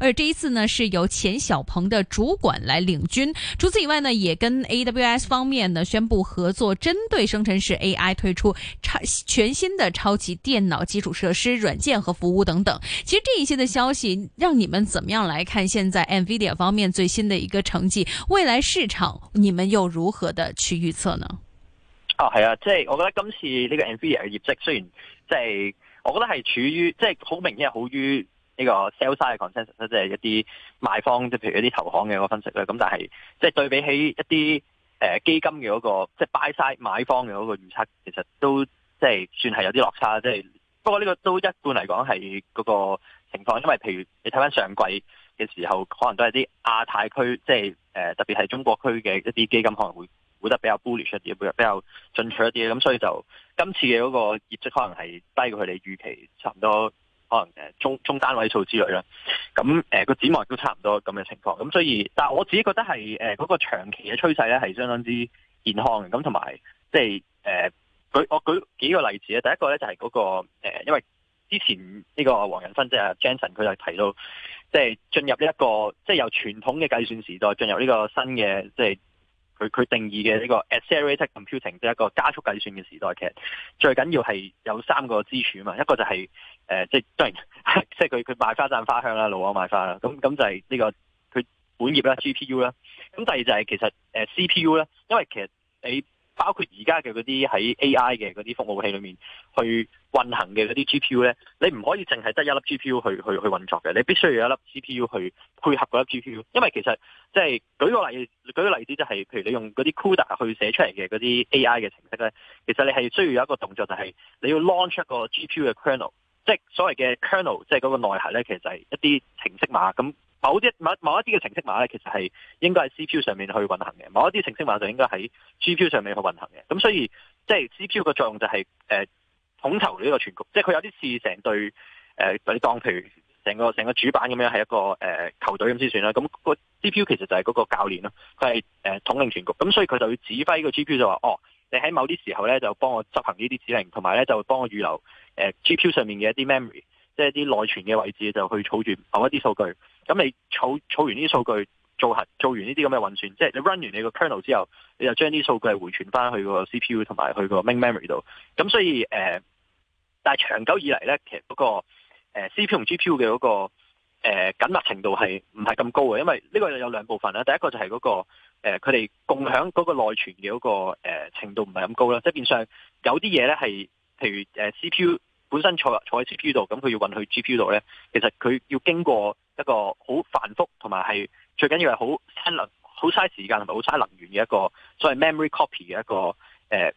而這一次呢，是由錢小鵬的主管來領軍。除此以外呢，也跟 AWS 方面呢宣布合作，針對生成式 AI 推出超全新的超級電腦基礎設施、軟件和服務等等。其實這一些的消息，讓你們怎麼樣來看現在 NVIDIA 方面最新的一個成績？未來市場你們又如何的去預測呢？哦，係啊，即係我覺得今次呢個 NVIDIA 嘅業績，雖然即係我覺得係處於即係好明顯係好於。呢、這個 sell side 嘅 consensus 即係一啲賣方，即係譬如一啲投行嘅個分析咧。咁但係即係對比起一啲、呃、基金嘅嗰、那個，即、就、係、是、buy side 買方嘅嗰個預測，其實都即係、就是、算係有啲落差。即、就、係、是、不過呢個都一般嚟講係嗰個情況，因為譬如你睇翻上季嘅時候，可能都係啲亞太區，即係誒特別係中國區嘅一啲基金可能會會得比較 bullish 一啲，會比較進取一啲。咁所以就今次嘅嗰個業績可能係低過佢哋預期差唔多。可能誒中中單位數之類啦，咁誒個指望都差唔多咁嘅情況，咁所以，但係我自己覺得係誒嗰個長期嘅趨勢咧係相當之健康嘅，咁同埋即係誒、呃、舉我舉幾個例子，第一個咧就係、是、嗰、那個、呃、因為之前呢個黃仁芬，即係、啊、Jensen 佢就提到，即係進入呢、這、一個即係由傳統嘅計算時代進入呢個新嘅即係。佢佢定義嘅呢個 accelerated computing 即係一個加速計算嘅時代，其實最緊要係有三個支柱啊嘛，一個就係即係當然即係佢佢賣花讚花香啦，老王賣花啦，咁咁就係呢、這個佢本業啦，GPU 啦，咁第二就係其實、呃、CPU 啦，因為其實你。包括而家嘅嗰啲喺 AI 嘅嗰啲服務器裏面去運行嘅嗰啲 GPU 咧，你唔可以淨係得一粒 GPU 去去去運作嘅，你必須要有一粒 GPU 去配合嗰粒 GPU，因為其實即係舉個例子，舉個例子就係，譬如你用嗰啲 CUDA 去寫出嚟嘅嗰啲 AI 嘅程式咧，其實你係需要有一個動作就係你要 launch 一個 GPU 嘅 kernel，即係所謂嘅 kernel，即係嗰個內核咧，其實係一啲程式碼咁。某啲某某一啲嘅程式碼咧，其實係應該喺 CPU 上面去運行嘅，某一啲程式碼就應該喺 GPU 上面去運行嘅。咁所以即係 CPU 嘅作用就係、是、誒、呃、統籌呢個全局，即係佢有啲似成對誒，你當譬如成個成個主板咁樣係一個誒、呃、球隊咁先算啦。咁、那個 CPU 其實就係嗰個教練囉，佢係誒統領全局。咁所以佢就要指揮個 GPU 就話：哦，你喺某啲時候咧就幫我執行呢啲指令，同埋咧就幫我預留、呃、GPU 上面嘅一啲 memory，即係啲內存嘅位置，就去儲住某一啲數據。咁你儲儲完呢啲數據做核做完呢啲咁嘅運算，即係你 run 完你個 kernel 之後，你就將啲數據回傳翻去個 CPU 同埋去個 main memory 度。咁所以誒、呃，但係長久以嚟咧，其實嗰、那個、呃、CPU 同 GPU 嘅嗰、那個誒、呃、緊密程度係唔係咁高嘅，因為呢個有兩部分啦。第一個就係嗰、那個佢哋、呃、共享嗰個內存嘅嗰、那個、呃、程度唔係咁高啦，即係變相有啲嘢咧係譬如、呃、CPU。本身坐坐喺 CPU 度，咁佢要運去 GPU 度呢，其實佢要經過一個好繁複，同埋係最緊要係好好嘥時間同埋好嘥能源嘅一個，所謂 memory copy 嘅一個、呃、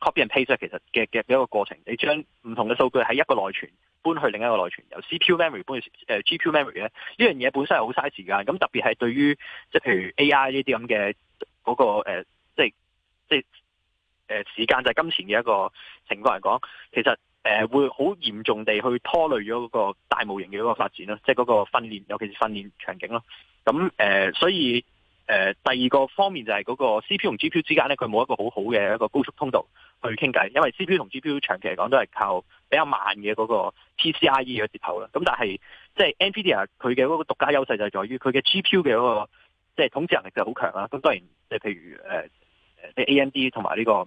copy and paste 其實嘅嘅一個過程，你將唔同嘅數據喺一個內存搬去另一個內存，由 CPU memory 搬去、呃、GPU memory 咧，呢樣嘢本身係好嘥時間，咁特別係對於即係譬如 AI 呢啲咁嘅嗰個、呃、即係即係、呃、時間就係、是、金錢嘅一個情況嚟講，其實。誒會好嚴重地去拖累咗嗰個大模型嘅一個發展咯，即係嗰個訓練，尤其是訓練場景咯。咁誒、呃，所以誒、呃、第二個方面就係嗰個 CPU 同 GPU 之間咧，佢冇一個好好嘅一個高速通道去傾偈，因為 CPU 同 GPU 長期嚟講都係靠比較慢嘅嗰個 PCIe 嘅接頭啦。咁但係即係 NVIDIA 佢嘅嗰個獨家優勢就係在於佢嘅 GPU 嘅嗰個即係統治能力就好強啦。咁當然即係譬如誒誒、呃、AMD 同埋呢個。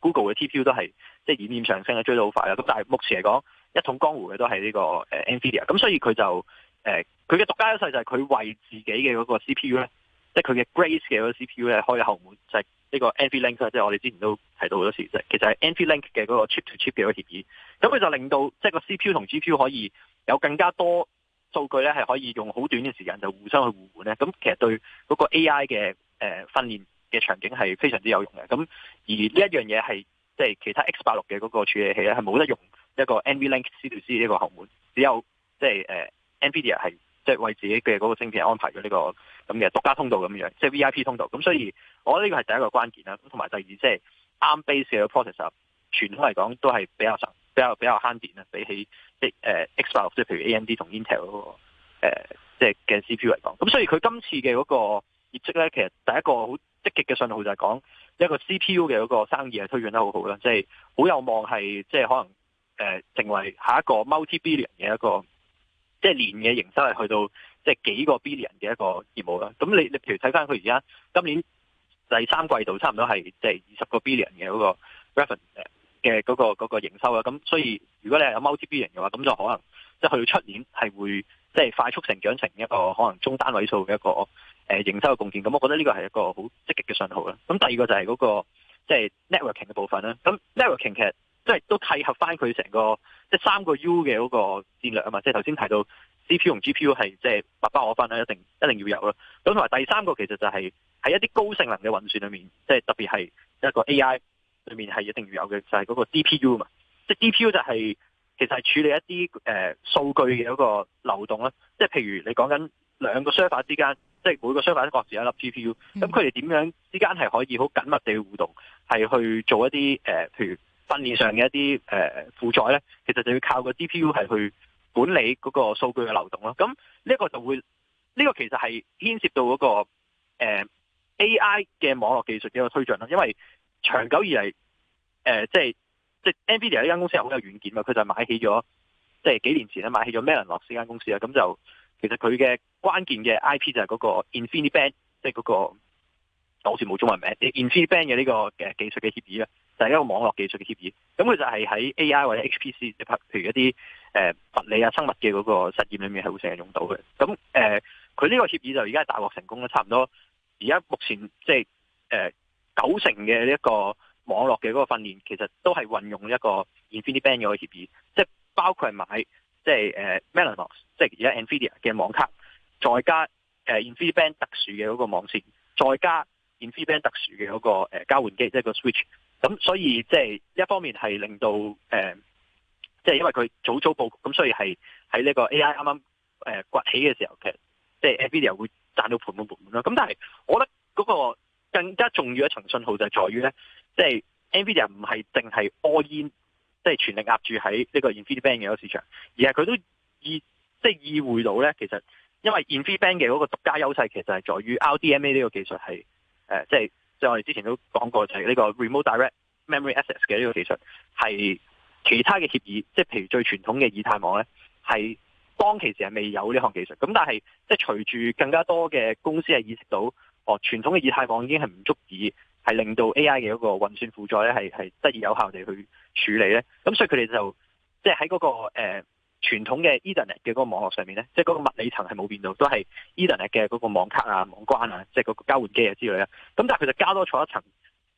Google 嘅 TPU 都係即係漸漸上升啊，追到好快啊！咁但係目前嚟講，一統江湖嘅都係呢個 NVIDIA。咁所以佢就誒佢嘅獨家優勢就係佢為自己嘅嗰個 CPU 咧，即係佢嘅 Grace 嘅嗰個 CPU 咧開咗後門，就係、是、呢個 NVLink 啊！即係我哋之前都提到好多次，即、就、係、是、其實係 NVLink 嘅嗰個 chip-to-chip 嘅嗰個協議。咁佢就令到即係、就是、個 CPU 同 GPU 可以有更加多數據咧，係可以用好短嘅時間就互相去互換咧。咁其實對嗰個 AI 嘅誒、呃、訓練。嘅場景係非常之有用嘅，咁而呢一樣嘢係即係其他 X 八六嘅嗰個處理器咧，係冇得用一個 NVLink CtoC 呢個後門，只有即係誒 NVIDIA 係即係為自己嘅嗰個晶片安排咗呢個咁嘅獨家通道咁樣，即係 VIP 通道。咁所以我覺得呢個係第一個關鍵啦。咁同埋第二即係 ARM base 嘅 processor，傳統嚟講都係比較實、比較比較慳電啊，比起啲誒 X 八六即係譬如 AMD 同 Intel 誒即係嘅 CPU 嚟講。咁所以佢今次嘅嗰個。業績咧，其實第一個好積極嘅信號就係講一個 CPU 嘅嗰個生意係推廣得好好啦，即係好有望係即係可能誒成為下一個 multi billion 嘅一個即係年嘅營收係去到即係幾個 billion 嘅一個業務啦。咁你你譬如睇翻佢而家今年第三季度差唔多係即係二十個 billion 嘅嗰個 revenue 嘅嗰個嗰個營收啦。咁所以如果你係有 multi billion 嘅話，咁就可能即係去到出年係會即係快速成長成一個可能中單位數嘅一個，誒、呃、營收嘅貢獻，咁、嗯、我覺得呢個係一個好積極嘅信號啦。咁、嗯、第二個就係嗰、那個即係、就是、networking 嘅部分啦。咁 networking 其實即係都契合翻佢成個即係三個 U 嘅嗰個戰略啊嘛。即係頭先提到 CPU 同 GPU 係即係密不我分啦，一定一定要有啦。咁同埋第三個其實就係喺一啲高性能嘅運算裏面，即、就、係、是、特別係一個 AI 裏面係一定要有嘅，就係、是、嗰個 DPU 啊嘛。即、就、係、是、DPU 就係、是、其實係處理一啲誒、呃、數據嘅嗰個流動啦。即係譬如你講緊兩個 server 之間。即係每個雙都各自一粒 GPU，咁佢哋點樣之間係可以好緊密地互動，係去做一啲誒、呃，譬如訓練上嘅一啲誒負載咧，其實就要靠個 GPU 係去管理嗰個數據嘅流動咯。咁呢個就會呢、這個其實係牽涉到嗰、那個誒、呃、AI 嘅網絡技術嘅一個推進啦。因為長久以嚟，誒即係即係 Nvidia 呢間公司係好有軟件嘛，佢就買起咗即係幾年前咧買起咗 Mellanox 呢間公司啊，咁就。其實佢嘅關鍵嘅 IP 就係嗰個 InfiniBand，即係嗰個，我好似冇中文名，InfiniBand 嘅呢個嘅技術嘅協議咧，就係、是、一個網絡技術嘅協議。咁、嗯、佢就係喺 AI 或者 HPC，即譬如一啲誒、呃、物理啊、生物嘅嗰個實驗裏面係會成日用到嘅。咁、嗯、誒，佢、呃、呢個協議就而家係大獲成功啦，差唔多而家目前即係誒九成嘅呢一個網絡嘅嗰個訓練，其實都係運用一個 InfiniBand 嘅嗰個協議，即、就、係、是、包括係買。即係誒 Mellanox，即係而家 Nvidia 嘅網卡，再加誒 Infiniband 特殊嘅嗰個網線，再加 Infiniband 特殊嘅嗰個交換機，即係個 switch。咁所以即係一方面係令到誒，即、呃、係、就是、因為佢早早佈，咁所以係喺呢個 AI 啱啱誒崛起嘅時候，其實即係 Nvidia 會賺到盆滿缽滿啦。咁但係我覺得嗰個更加重要一層信號就係在於咧，即、就、係、是、Nvidia 唔係淨係 all in。即係全力壓住喺呢個 InfiniBand 嘅嗰個市場，而係佢都、就是、意即係意會到咧，其實因為 InfiniBand 嘅嗰個獨家優勢其實係在於 RDMA 呢個技術係誒，即係即係我哋之前都講過就係呢個 Remote Direct Memory Access 嘅呢個技術係其他嘅協議，即係譬如最傳統嘅以太網咧，係當其時係未有呢項技術。咁但係即係隨住更加多嘅公司係意識到，哦，傳統嘅以太網已經係唔足以。係令到 AI 嘅嗰個運算輔助咧，係係得以有效地去處理咧。咁所以佢哋就即係喺嗰個誒、呃、傳統嘅 Ethernet 嘅嗰個網絡上面咧，即係嗰個物理層係冇變到，都係 Ethernet 嘅嗰個網卡啊、網關啊，即係嗰個交換機啊之類啊。咁但係佢就加多咗一層誒呢、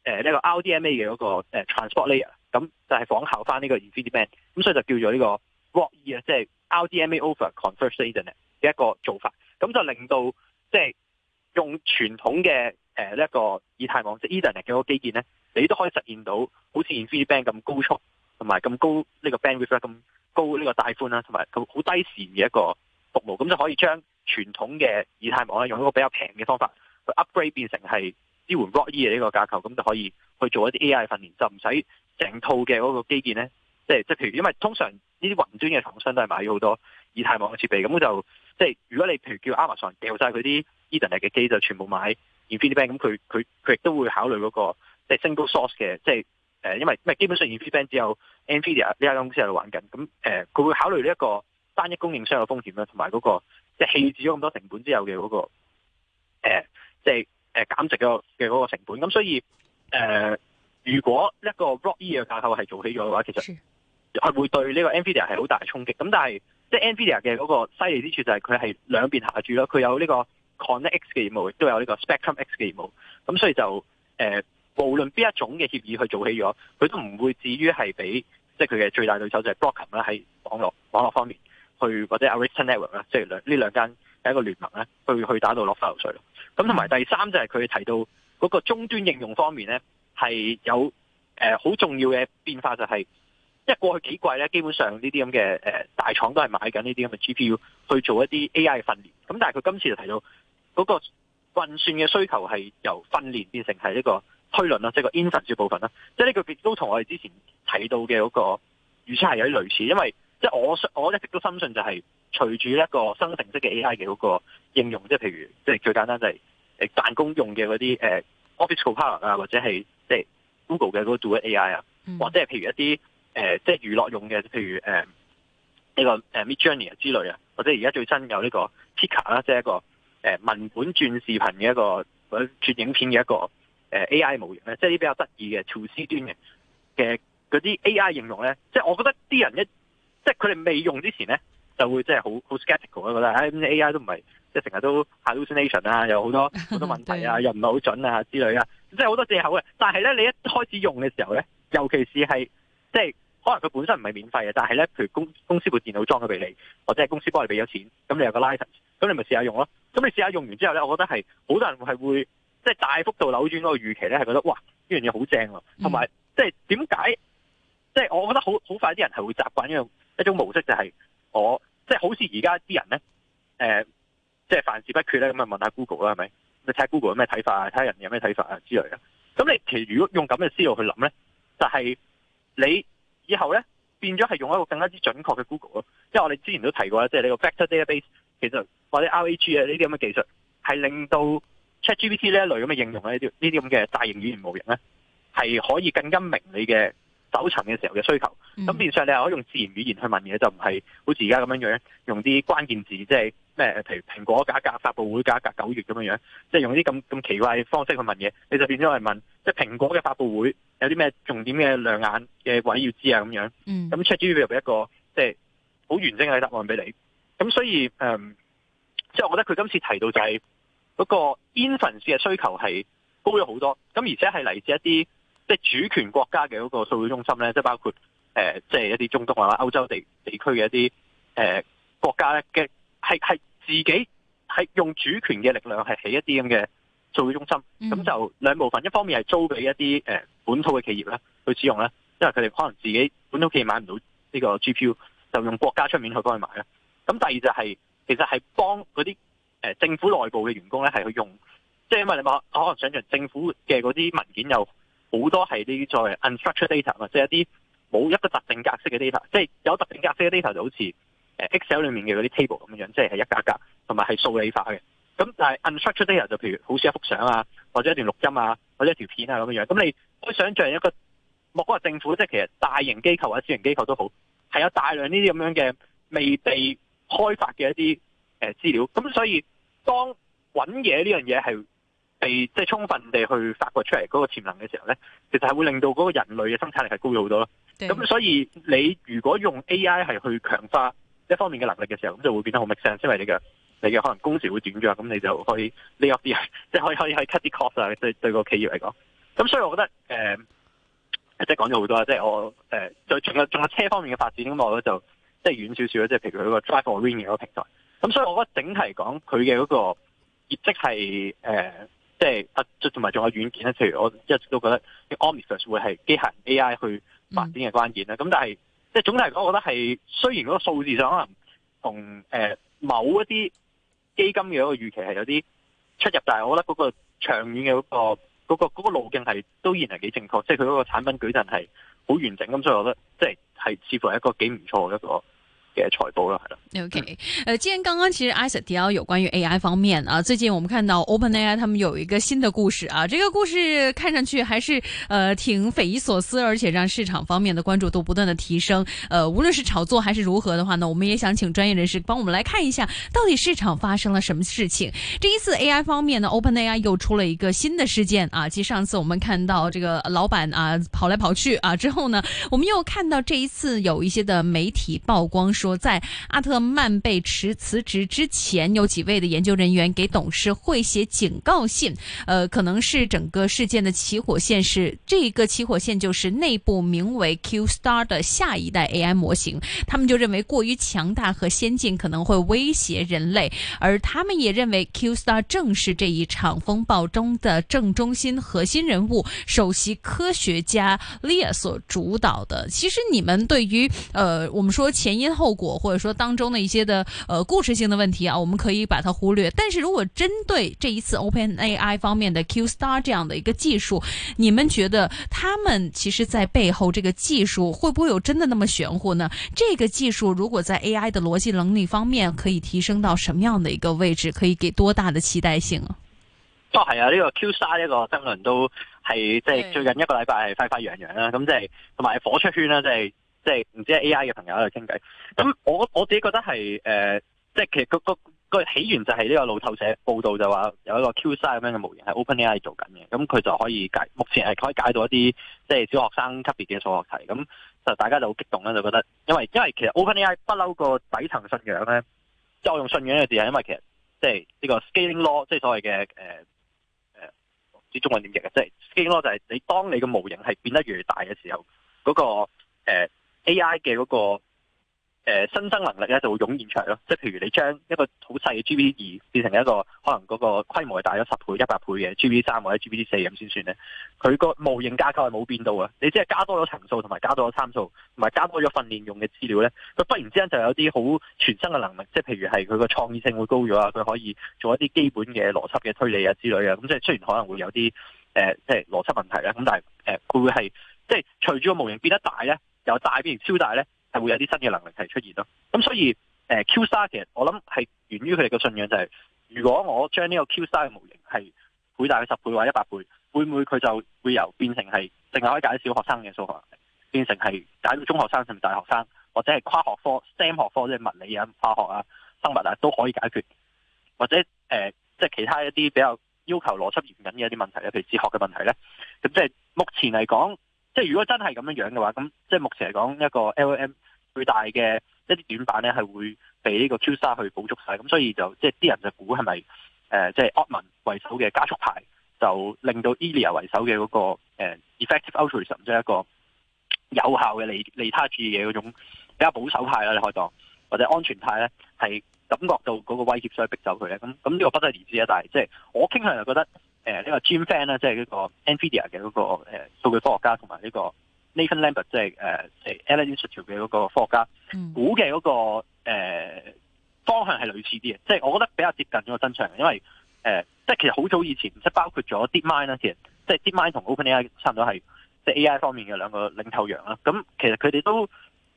呃這個 RDMA 嘅嗰、那個、呃、transport layer，咁就係仿效翻呢個 InfiniBand 咁所以就叫做呢個 RoCE 二、e，啊，即係 RDMA over converged Ethernet 嘅一個做法。咁就令到即係。就是用傳統嘅誒呢一個以太網即係 Ethernet 嘅嗰個基建咧，你都可以實現到好似 InfiniBand 咁高速，同埋咁高呢個 Bandwidth 咁高呢個帶寬啦，同埋好低時延嘅一個服務，咁就可以將傳統嘅以太網咧用一個比較平嘅方法去 upgrade 變成係支援 RoCE 嘅呢個架構，咁就可以去做一啲 AI 訓練，就唔使整套嘅嗰個基建咧，即係即係譬如因為通常呢啲雲端嘅廠商都係買咗好多以太網嘅設備，咁就即係如果你譬如叫 Amazon 掉晒佢啲。e 等嘅機就全部買 InfiniBand，咁佢佢佢亦都會考慮嗰、那個即係 single source 嘅，即係、呃、因為唔係基本上 InfiniBand 只有 Nvidia 呢間公司喺度玩緊，咁誒佢會考慮呢一個單一供應商嘅風險啦，同埋嗰個即係棄置咗咁多成本之後嘅嗰、那個、呃、即係誒、呃、減值嘅嘅嗰個成本。咁、嗯、所以誒、呃，如果一個 rock E 嘅架構係做起咗嘅話，其實係會對呢個 Nvidia 係好大嘅衝擊。咁但係即係 Nvidia 嘅嗰個犀利之處就係佢係兩邊下注咯，佢有呢、這個。Connect X 嘅業務亦都有呢個 Spectrum X 嘅業務，咁所以就誒、呃、無論邊一種嘅協議去做起咗，佢都唔會至於係俾即係佢嘅最大對手就係 Broadcom 啦喺網絡網絡方面去或者 Arista Network 啦，即係呢兩間係一個聯盟咧去去打到落花流水。咁同埋第三就係佢提到嗰個終端應用方面咧係有誒好、呃、重要嘅變化、就是，就係因為過去幾季咧基本上呢啲咁嘅大廠都係買緊呢啲咁嘅 GPU 去做一啲 AI 嘅訓練，咁但係佢今次就提到。嗰、那個運算嘅需求係由訓練變成係一個推論啦，即、就、係、是、個 inference 部分啦。即係呢個亦都同我哋之前提到嘅嗰、那個預測係有啲類似，因為即係我我一直都深信就係隨住一個生成式嘅 A.I. 嘅嗰個應用，即、就、係、是、譬如即係、就是、最簡單就係辦公用嘅嗰啲誒 Office Copilot 啊、嗯，或者係即係 Google 嘅嗰個 Duet A.I. 啊，或者係譬如一啲誒即係娛樂用嘅，譬如誒呢個誒 Midjourney 啊之類啊，或者而家最新有呢個 Pika 啦，即係一個，誒文本轉視頻嘅一個，或者轉影片嘅一個誒 AI 模型咧，即係啲比較得意嘅 to C 端嘅嘅嗰啲 AI 應用咧，即係我覺得啲人一即係佢哋未用之前咧，就會即係好好 skeptical 覺得，唉、哎，AI 都唔係即係成日都 hallucination 啊，有好多好多問題啊， 又唔係好準啊之類啊，即係好多借口嘅。但係咧，你一開始用嘅時候咧，尤其是係即係可能佢本身唔係免費嘅，但係咧，譬如公公司部電腦裝咗俾你，或者係公司幫你俾咗錢，咁你有個 license。咁你咪試下用咯。咁你試下用完之後咧，我覺得係好多人係會即係、就是、大幅度扭轉嗰個預期咧，係覺得哇呢樣嘢好正啊，同埋即係點解即係我覺得好好快啲人係會習慣呢種一種模式就，就係我即係好似而家啲人咧，誒即係凡事不決咧，咁咪問,問下 Google 啦，係咪？你睇下 Google 有咩睇法啊？睇下人有咩睇法啊之類啊。咁你其實如果用咁嘅思路去諗咧，就係、是、你以後咧變咗係用一個更加之準確嘅 Google 咯。即係我哋之前都提過咧，即係你個 Vector Database。其實或者 RAG 啊呢啲咁嘅技術，係令到 ChatGPT 呢一類咁嘅應用咧呢啲呢啲咁嘅大型語言模型咧，係可以更加明你嘅搜尋嘅時候嘅需求。咁、嗯、變相你可以用自然語言去問嘢，就唔係好似而家咁樣樣用啲關鍵字，即係咩？譬如蘋果嘅價格發布會價格九月咁樣樣，即係用啲咁咁奇怪嘅方式去問嘢，你就變咗係問即係蘋果嘅發布會有啲咩重點嘅亮眼嘅位要知啊咁樣。咁 ChatGPT 又俾一個即係好完整嘅答案俾你。咁所以，誒、嗯，即係我覺得佢今次提到就係嗰個 inference 嘅需求係高咗好多。咁而且係嚟自一啲即係主權國家嘅嗰個數據中心咧，即係包括誒即係一啲中東啊、歐洲地地區嘅一啲誒、呃、國家咧嘅係係自己係用主權嘅力量係起一啲咁嘅數據中心。咁、嗯、就兩部分，一方面係租俾一啲誒本土嘅企業咧去使用咧，因為佢哋可能自己本土企業買唔到呢個 G P U，就用國家出面去幫佢買啦。咁第二就係、是、其實係幫嗰啲政府內部嘅員工咧，係去用，即、就、係、是、因為你話可能想像政府嘅嗰啲文件有好多係呢啲再 unstructured data，即係一啲冇一個特定格式嘅 data，即係有特定格式嘅 data 就好似 Excel 裏面嘅嗰啲 table 咁樣，即係係一格格，同埋係數理化嘅。咁但係 unstructured data 就譬如好似一幅相啊，或者一段錄音啊，或者一條片啊咁樣。咁你可以想像一個莫講話政府，即、就、係、是、其實大型機構或者小型機構都好，係有大量呢啲咁樣嘅未被開發嘅一啲誒資料，咁所以當搵嘢呢樣嘢係被即係、就是、充分地去發掘出嚟嗰個潛能嘅時候咧，其實係會令到嗰個人類嘅生產力係高咗好多咯。咁所以你如果用 AI 係去強化一方面嘅能力嘅時候，咁就會變得好 make sense，因為你嘅你嘅可能工時會短咗，咁你就可以呢一啲，即係、就是、可以可以去 cut 啲 cost 啊。對對個企業嚟講，咁所以我覺得誒，即係講咗好多啦，即係我誒，仲、呃、有仲有車方面嘅發展咁，我咧就。即係遠少少即係譬如佢個 Drive Orin 嘅嗰個平台。咁所以我覺得整體嚟講，佢嘅嗰個業績係誒，即係同埋仲有軟件咧。譬如我一直都覺得 Omniverse 會係機器人 AI 去發展嘅關鍵啦。咁、嗯、但係即係總體嚟講，我覺得係雖然嗰個數字上可能同誒、呃、某一啲基金嘅一個預期係有啲出入，但係我覺得嗰個長遠嘅嗰個嗰、那個嗰、那個路徑係都依然係幾正確。即係佢嗰個產品舉陣係。好完整咁，所以我覺得即係係似乎係一個幾唔錯嘅一個。的財報啦，係啦。OK，呃，既然剛剛其實 i s e t i 有關於 AI 方面啊，最近我們看到 OpenAI 他們有一個新的故事啊，這個故事看上去還是呃挺匪夷所思，而且讓市場方面的關注度不斷的提升。誒、呃，無論是炒作還是如何的話呢，我們也想請專業人士幫我們來看一下，到底市場發生了什麼事情？這一次 AI 方面呢，OpenAI 又出了一個新的事件啊。即上次我們看到這個老闆啊跑來跑去啊之後呢，我們又看到這一次有一些的媒體曝光，說。在阿特曼被辭辭職之前，有幾位的研究人員給董事會寫警告信。呃，可能是整個事件的起火線是這個起火線，就是內部名為 Q Star 的下一代 AI 模型。他們就認為過於強大和先進可能會威脅人類，而他們也認為 Q Star 正是這一場風暴中的正中心核心人物，首席科學家 Lia 所主導的。其實你們對於呃，我們說前因後果。果或者說當中的一些的呃故事性的問題啊，我們可以把它忽略。但是如果針對這一次 Open AI 方面的 Q Star 這樣的一個技術，你們覺得他們其實在背後這個技術會不會有真的那麼玄乎呢？這個技術如果在 AI 的邏輯能力方面可以提升到什麼樣的一個位置，可以給多大的期待性啊？哦，係啊，呢個 Q Star 呢個爭論都係即係最近一個禮拜係快快揚揚啦，咁即係同埋火出圈啦、啊，即係即係唔知 AI 嘅朋友喺度傾偈。咁我我自己覺得係誒，即、呃、係、就是、其實個個個起源就係呢個路透社報道就話有一個 Q 三咁樣嘅模型係 OpenAI 做緊嘅，咁佢就可以解目前係可以解到一啲即係小學生級別嘅數學題。咁就大家就好激動啦，就覺得因為因為其實 OpenAI 不嬲個底層信仰咧，即、就、係、是、我用信仰嘅個字係因為其實即係呢個 scaling law，即係所謂嘅誒誒，唔、呃、知中文點譯嘅，即、就、係、是、scaling law 就係你當你嘅模型係變得越，越大嘅時候，嗰個誒 AI 嘅嗰個。呃誒、呃、新生能力咧就會湧現出嚟咯，即係譬如你將一個好細嘅 GPT 二變成一個可能嗰個規模係大咗十倍、一百倍嘅 GPT 三或者 GPT 四咁先算咧。佢個模型架構係冇變到啊，你只係加多咗層數同埋加多咗參數同埋加多咗訓練用嘅資料咧。佢忽然之間就有啲好全新嘅能力，即係譬如係佢個創意性會高咗啊，佢可以做一啲基本嘅邏輯嘅推理啊之類啊。咁即係雖然可能會有啲誒、呃、即係邏輯問題咧，咁但係佢、呃、會係即係隨住個模型變得大咧，由大變成超大咧。會有啲新嘅能力係出現咯，咁所以，誒、呃、Q star 其實我諗係源於佢哋嘅信仰就係、是，如果我將呢個 Q s t a r 嘅模型係倍大佢十倍或一百倍，會唔會佢就會由變成係淨係可以解小學生嘅數學，變成係解到中學生甚至大學生，或者係跨學科、STEM 學科，即係物理啊、化學啊、生物啊都可以解決，或者誒，即、呃、係、就是、其他一啲比較要求邏輯嚴謹嘅一啲問題咧，譬如哲學嘅問題咧，咁即係目前嚟講，即係如果真係咁樣樣嘅話，咁即係目前嚟講一個 l m 最大嘅一啲短板咧，係會被呢個 Q Star 去補足曬，咁所以就即係啲人就估係咪誒，即係 Altman 為首嘅加速派，就令到 Ilya 為首嘅嗰、那個、呃、Effective Altruism 即係一個有效嘅利利他主義嘅嗰種比較保守派啦，你可以講或者安全派咧，係感覺到嗰個威脅，所以逼走佢咧。咁咁呢個不得而知啊。但係即係我傾向就覺得誒呢、呃這個 Jim Fan 咧，即係呢個 NVIDIA 嘅嗰、那個誒數、呃、據科學家同埋呢個。Nathan Lambert 即係誒，AI Institute 嘅嗰個科學家、嗯、估嘅嗰個、呃、方向係類似啲嘅，即係我覺得比較接近咗個真相。因為誒，即係其實好早以前，即係包括咗 DeepMind 啦，其實即係 DeepMind 同 OpenAI 差唔多係即係 AI 方面嘅兩個領頭羊啦。咁其實佢哋都、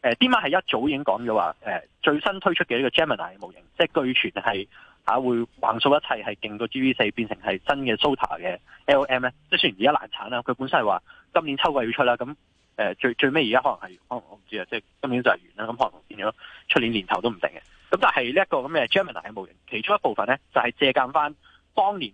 呃、DeepMind 係一早已經講咗話最新推出嘅呢個 Gemini 模型，即係據傳係嚇、啊、會橫掃一切，係勁過 GPT 四，變成係新嘅 SOTA 嘅 LM 咧。即係雖然而家難產啦，佢本身係話今年秋季要出啦，咁。誒、呃、最最尾而家可能係，可能我唔知啊，即係今年就係完啦。咁可能變咗出年年頭都唔定嘅。咁但係呢一個咁嘅 Gemini 嘅模型，其中一部分咧就係、是、借鑒翻當年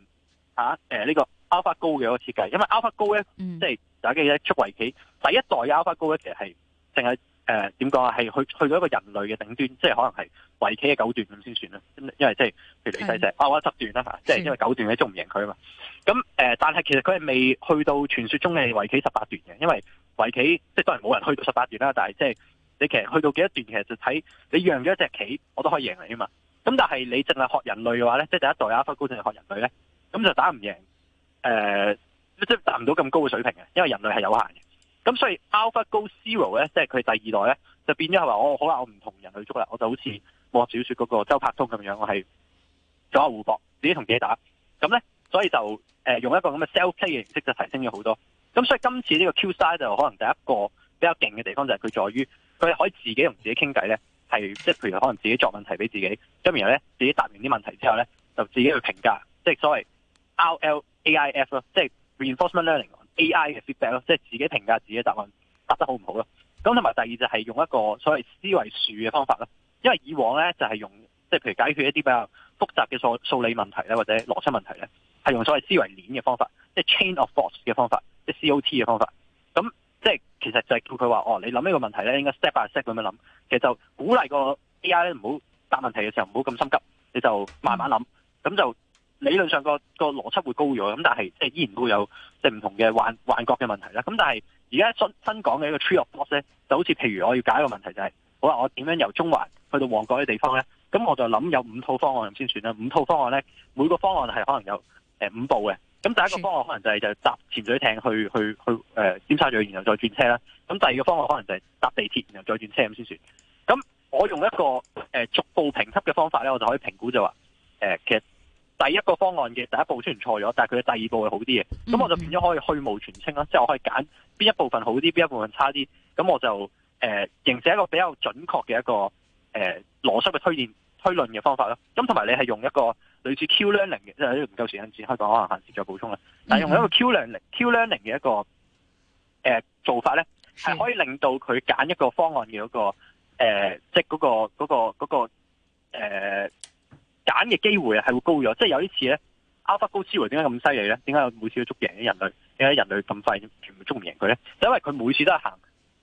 嚇呢、啊呃這個 AlphaGo 嘅設計。因為 AlphaGo 咧、嗯，即係打機咧，出圍棋第一代嘅 AlphaGo 咧，其實係淨係誒點講啊，係、呃、去去到一個人類嘅頂端，即係可能係圍棋嘅九段咁先算啦。因為即係譬如你睇成啊，我七段啦即係因為九段嘅都唔贏佢啊嘛。咁、嗯、誒、呃，但係其實佢係未去到傳說中嘅圍棋十八段嘅，因為圍棋即係當然冇人去到十八段啦，但係即係你其實去到幾多段，其實就睇你讓咗一隻棋，我都可以贏你啊嘛。咁但係你淨係學人類嘅話咧，即係第一代 AlphaGo 淨係學人類咧，咁就打唔贏，誒即係達唔到咁高嘅水平嘅，因為人類係有限嘅。咁所以 AlphaGo Zero 咧，即係佢第二代咧，就變咗係話，我好啦，我唔同人類捉啦，我就好似《武俠小説》嗰個周伯通咁樣，我係左右互搏自己同自己打。咁咧，所以就、呃、用一個咁嘅 self-play 嘅形式就提升咗好多。咁所以今次呢個 Q-Side 就可能第一個比較勁嘅地方就係佢在於佢可以自己同自己傾偈呢，係即係譬如可能自己作問題俾自己，咁然後呢，自己答完啲問題之後呢，就自己去評價，即係所謂 RLAIF 咯，即係 reinforcement learning AI 嘅 feedback 咯，即係自己評價自己嘅答案答得好唔好咯。咁同埋第二就係用一個所謂思維樹嘅方法咯，因為以往呢就係用。即係譬如解決一啲比較複雜嘅數數理問題咧，或者邏輯問題咧，係用所謂思維鏈嘅方法，即係 chain of thoughts 嘅方法，即係 COT 嘅方法。咁即係其實就係叫佢話：哦，你諗呢個問題咧，應該 step by step 咁樣諗。其實就鼓勵個 AI 咧，唔好答問題嘅時候唔好咁心急，你就慢慢諗。咁就理論上個個邏輯會高咗，咁但係即係依然會有即係唔同嘅幻幻覺嘅問題啦。咁但係而家新新講嘅一個 tree of thoughts 呢，咧，就好似譬如我要解一個問題就係：好啦，我點樣由中環去到旺角嘅地方咧？咁我就諗有五套方案咁先算啦，五套方案呢，每個方案係可能有誒、呃、五步嘅。咁第一個方案可能就係就搭潛水艇去去去誒尖沙咀，然後再轉車啦。咁第二個方案可能就係搭地鐵，然後再轉車咁先算。咁我用一個誒、呃、逐步評級嘅方法呢，我就可以評估就話誒、呃、其實第一個方案嘅第一步雖然錯咗，但係佢嘅第二步係好啲嘅。咁我就變咗可以去蕪存菁啦，mm-hmm. 即係我可以揀邊一部分好啲，邊一部分差啲。咁我就誒、呃、形成一個比較準確嘅一個。誒、呃，邏輯嘅推斷、推論嘅方法咯，咁同埋你係用一個類似 Q-learning 嘅，即係呢啲唔夠時間只可以講，可能下次再補充啦。但係用一個 Q-learning、mm -hmm.、Q-learning 嘅一個誒、呃、做法咧，係可以令到佢揀一個方案嘅一、嗰個誒、呃，即係、嗰、嗰個、嗰、嗰個、嗰個誒揀嘅機會係會高咗。即係有啲次咧 AlphaGo Zero 點解咁犀利咧？點解每次都捉贏啲人類？點解人類咁快全部捉唔贏佢咧？就是、因為佢每次都係行，誒、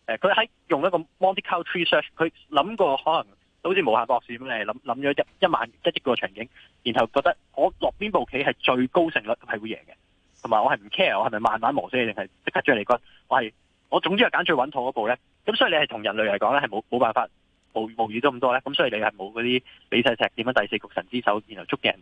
呃，佢喺用一個 Monte Carlo Tree Search，佢諗過可能。好似無限博士咁，你諗諗咗一一萬一億個場景，然後覺得我落邊部棋係最高勝率係會贏嘅，同埋我係唔 care 我係咪慢慢磨死定係即刻將你軍，我係我總之係揀最穩妥嗰部咧。咁所以你係同人類嚟講咧，係冇冇辦法。暴暴雨都咁多咧，咁所以你係冇嗰啲李世石點樣第四局神之手，然後捉人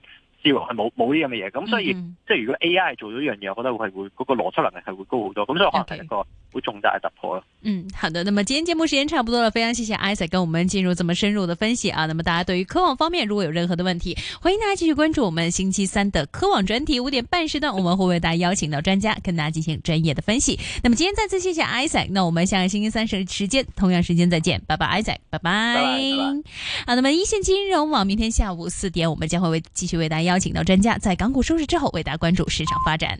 招係冇冇呢樣嘅嘢，咁所以、mm -hmm. 即係如果 A I 做咗一樣嘢，我覺得會係會嗰個邏輯能力係會高好多，咁所以可能係一個好重大嘅突破咯。Okay. 嗯，好的，那麼今天節目時間差不多啦，非常謝謝 Isaac 跟我們進入咁麼深入嘅分析啊，那麼大家對於科網方面如果有任何嘅問題，歡迎大家繼續關注我們星期三的科網專題五點半時段，我們會為大家邀請到專家跟大家進行專業嘅分析。 那麼今天再次謝謝 Isaac，那我們下個星期三時時間同樣時間再見，拜拜，Isaac，Isaac, 拜拜。Bye bye, bye bye 好。那麼一線金融網明天下午四點，我們將會為繼續為大家邀請到專家，在港股收市之後為大家關注市場發展。